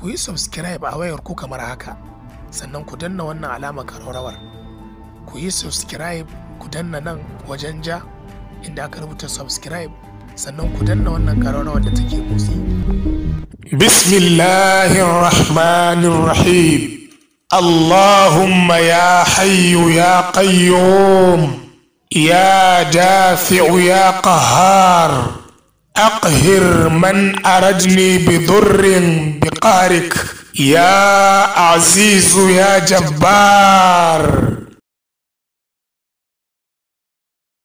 ku yi subscribe a wayar ku kamar haka sannan ku danna wannan alama karorawar ku yi subscribe ku danna nan wajen ja inda aka rubuta subscribe sannan ku danna wannan karorawar da take rahmanir bismillahirrahmanirrahim اللهم ya حي ya قيوم Ya دافع يا قهار أقهر من أرجني بضر بقهرك يا عزيز يا جبار